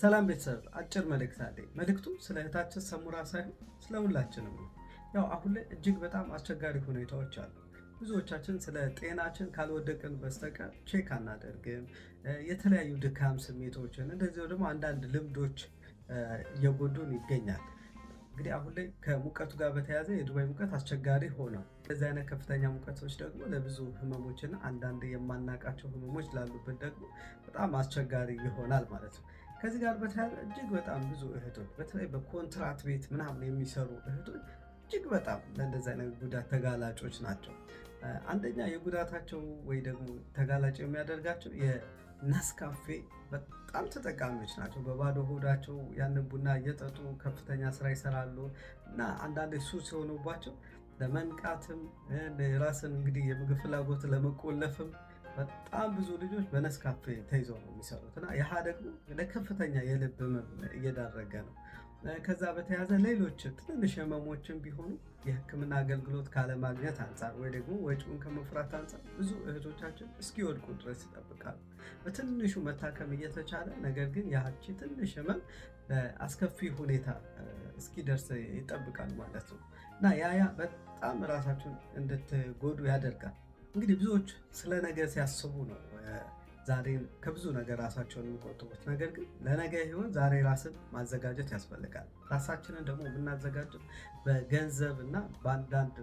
ሰላም ቤተሰብ፣ አጭር መልእክት አለኝ። መልእክቱ ስለ እህታችን ሰሙራ ሳይሆን ስለ ሁላችንም ነው። ያው አሁን ላይ እጅግ በጣም አስቸጋሪ ሁኔታዎች አሉ። ብዙዎቻችን ስለ ጤናችን ካልወደቅን በስተቀር ቼክ አናደርግም። የተለያዩ ድካም ስሜቶችን፣ እንደዚሁ ደግሞ አንዳንድ ልምዶች እየጎዱን ይገኛል። እንግዲህ አሁን ላይ ከሙቀቱ ጋር በተያያዘ የዱባይ ሙቀት አስቸጋሪ ሆነ እንደዚህ አይነት ከፍተኛ ሙቀቶች ደግሞ ለብዙ ህመሞችና አንዳንድ የማናቃቸው ህመሞች ላሉበት ደግሞ በጣም አስቸጋሪ ይሆናል ማለት ነው። ከዚህ ጋር በተያያዘ እጅግ በጣም ብዙ እህቶች በተለይ በኮንትራት ቤት ምናምን የሚሰሩ እህቶች እጅግ በጣም ለእንደዚህ አይነት ጉዳት ተጋላጮች ናቸው። አንደኛ የጉዳታቸው ወይ ደግሞ ተጋላጭ የሚያደርጋቸው የናስካፌ በጣም ተጠቃሚዎች ናቸው። በባዶ ሆዳቸው ያንን ቡና እየጠጡ ከፍተኛ ስራ ይሰራሉ እና አንዳንድ ሱስ ሲሆኑባቸው ለመንቃትም የራስን እንግዲህ የምግብ ፍላጎት ለመቆለፍም በጣም ብዙ ልጆች በነስካፌ ተይዘው ነው የሚሰሩት እና ያህ ደግሞ ለከፍተኛ የልብ ህመም እየዳረገ ነው። ከዛ በተያዘ ሌሎች ትንንሽ ህመሞችን ቢሆኑ የህክምና አገልግሎት ካለማግኘት አንጻር ወይ ደግሞ ወጪውን ከመፍራት አንጻር ብዙ እህቶቻችን እስኪወድቁ ድረስ ይጠብቃሉ። በትንሹ መታከም እየተቻለ ነገር ግን ያቺ ትንሽ ህመም በአስከፊ ሁኔታ እስኪደርስ ይጠብቃል ማለት ነው እና ያ ያ በጣም ራሳችሁን እንድትጎዱ ያደርጋል። እንግዲህ ብዙዎች ስለ ነገ ሲያስቡ ነው ዛሬ ከብዙ ነገር ራሳቸውን የሚቆጥቡት። ነገር ግን ለነገ ሆን ዛሬ ራስን ማዘጋጀት ያስፈልጋል። ራሳችንን ደግሞ የምናዘጋጀው በገንዘብ እና በአንዳንድ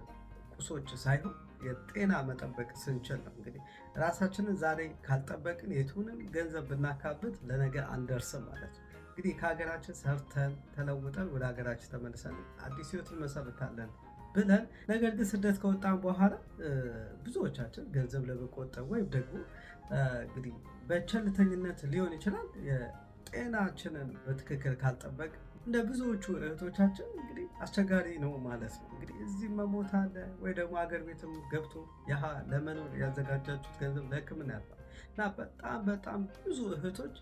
ቁሶች ሳይሆን የጤና መጠበቅ ስንችል ነው። እንግዲህ ራሳችንን ዛሬ ካልጠበቅን የቱንም ገንዘብ ብናካብት ለነገ አንደርስም ማለት ነው። እንግዲህ ከሀገራችን ሰርተን ተለውጠን ወደ ሀገራችን ተመልሰን አዲስ ህይወትን መሰርታለን። ብለን ነገር ግን ስደት ከወጣን በኋላ ብዙዎቻችን ገንዘብ ለመቆጠብ ወይም ደግሞ እንግዲህ በቸልተኝነት ሊሆን ይችላል ጤናችንን በትክክል ካልጠበቅ እንደ ብዙዎቹ እህቶቻችን እንግዲህ አስቸጋሪ ነው ማለት ነው። እንግዲህ እዚህ መሞት አለ ወይ ደግሞ ሀገር ቤትም ገብቶ ያ ለመኖር ያዘጋጃችሁት ገንዘብ ለሕክምና ያልፋል እና በጣም በጣም ብዙ እህቶች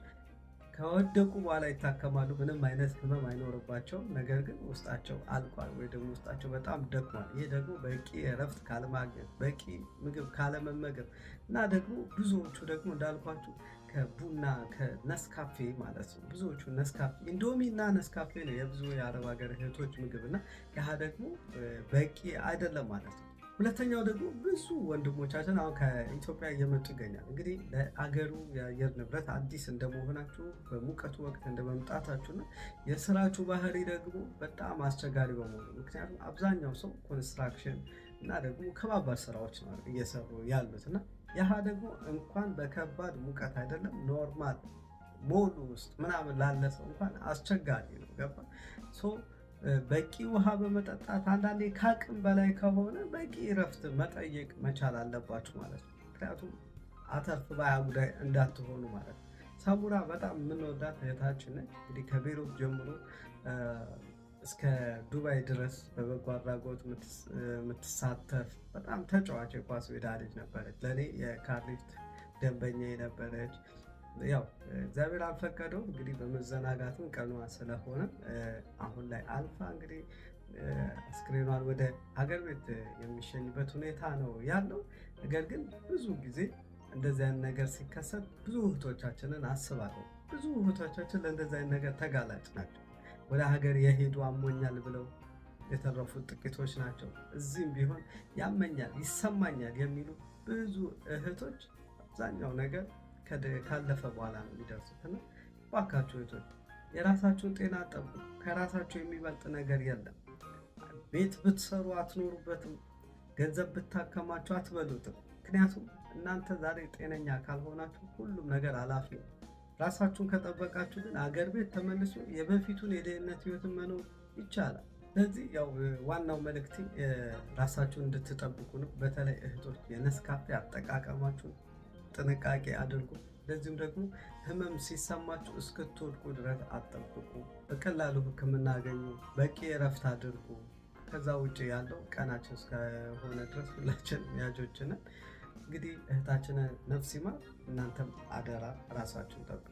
ከወደቁ በኋላ ይታከማሉ። ምንም አይነት ህመም አይኖርባቸውም። ነገር ግን ውስጣቸው አልቋል ወይ ደግሞ ውስጣቸው በጣም ደክሟል። ይህ ደግሞ በቂ እረፍት ካለማግኘት፣ በቂ ምግብ ካለመመገብ እና ደግሞ ብዙዎቹ ደግሞ እንዳልኳችሁ ከቡና ከነስካፌ ማለት ነው። ብዙዎቹ ነስካፌ ኢንዶሚ እና ነስካፌ ነው የብዙ የአረብ ሀገር እህቶች ምግብ እና ያህ ደግሞ በቂ አይደለም ማለት ነው። ሁለተኛው ደግሞ ብዙ ወንድሞቻችን አሁን ከኢትዮጵያ እየመጡ ይገኛል። እንግዲህ ለአገሩ የአየር ንብረት አዲስ እንደመሆናችሁ በሙቀቱ ወቅት እንደመምጣታችሁና የስራችሁ ባህሪ ደግሞ በጣም አስቸጋሪ በመሆኑ ምክንያቱም አብዛኛው ሰው ኮንስትራክሽን እና ደግሞ ከባባድ ስራዎች ነው እየሰሩ ያሉት እና ያህ ደግሞ እንኳን በከባድ ሙቀት አይደለም ኖርማል ሞሉ ውስጥ ምናምን ላለ ሰው እንኳን አስቸጋሪ ነው ገባ በቂ ውሃ በመጠጣት አንዳንዴ ከአቅም በላይ ከሆነ በቂ እረፍት መጠየቅ መቻል አለባችሁ ማለት ነው። ምክንያቱም አተርፍ ባያ ጉዳይ እንዳትሆኑ ማለት ነው። ሰሙራ በጣም የምንወዳት እህታችን ነች። እንግዲህ ከቤሮት ጀምሮ እስከ ዱባይ ድረስ በበጎ አድራጎት የምትሳተፍ በጣም ተጫዋች የኳስ ሜዳ ልጅ ነበረች። ለእኔ የካርሊፍት ደንበኛ ነበረች። ያው እግዚአብሔር አልፈቀደው እንግዲህ በመዘናጋትም ቀኗ ስለሆነ አሁን ላይ አልፋ እንግዲህ አስክሬኗን ወደ ሀገር ቤት የሚሸኝበት ሁኔታ ነው ያለው። ነገር ግን ብዙ ጊዜ እንደዚህ አይነት ነገር ሲከሰት ብዙ እህቶቻችንን አስባለሁ። ብዙ እህቶቻችን ለእንደዚህ አይነት ነገር ተጋላጭ ናቸው። ወደ ሀገር የሄዱ አሞኛል ብለው የተረፉት ጥቂቶች ናቸው። እዚህም ቢሆን ያመኛል፣ ይሰማኛል የሚሉ ብዙ እህቶች አብዛኛው ነገር ካለፈ በኋላ ነው የሚደርሱት እና እባካችሁ እህቶች የራሳችሁን ጤና ጠብቁ። ከራሳችሁ የሚበልጥ ነገር የለም። ቤት ብትሰሩ አትኖሩበትም። ገንዘብ ብታከማችሁ አትበሉትም። ምክንያቱም እናንተ ዛሬ ጤነኛ ካልሆናችሁ ሁሉም ነገር አላፊ ነው። ራሳችሁን ከጠበቃችሁ ግን አገር ቤት ተመልሶ የበፊቱን የደህንነት ህይወትን መኖር ይቻላል። ስለዚህ ያው ዋናው መልእክቴ ራሳችሁን እንድትጠብቁ ነው። በተለይ እህቶች የነስካፌ አጠቃቀማችሁ ጥንቃቄ አድርጉ። እንደዚሁም ደግሞ ህመም ሲሰማችሁ እስክትወድቁ ድረስ አጠብቁ። በቀላሉ ህክምና አገኙ። በቂ እረፍት አድርጉ። ከዛ ውጭ ያለው ቀናችን እስከሆነ ድረስ ሁላችን ያጆችንን እንግዲህ እህታችንን ነፍሲማ እናንተም አደራ ራሳችሁን ጠብቁ።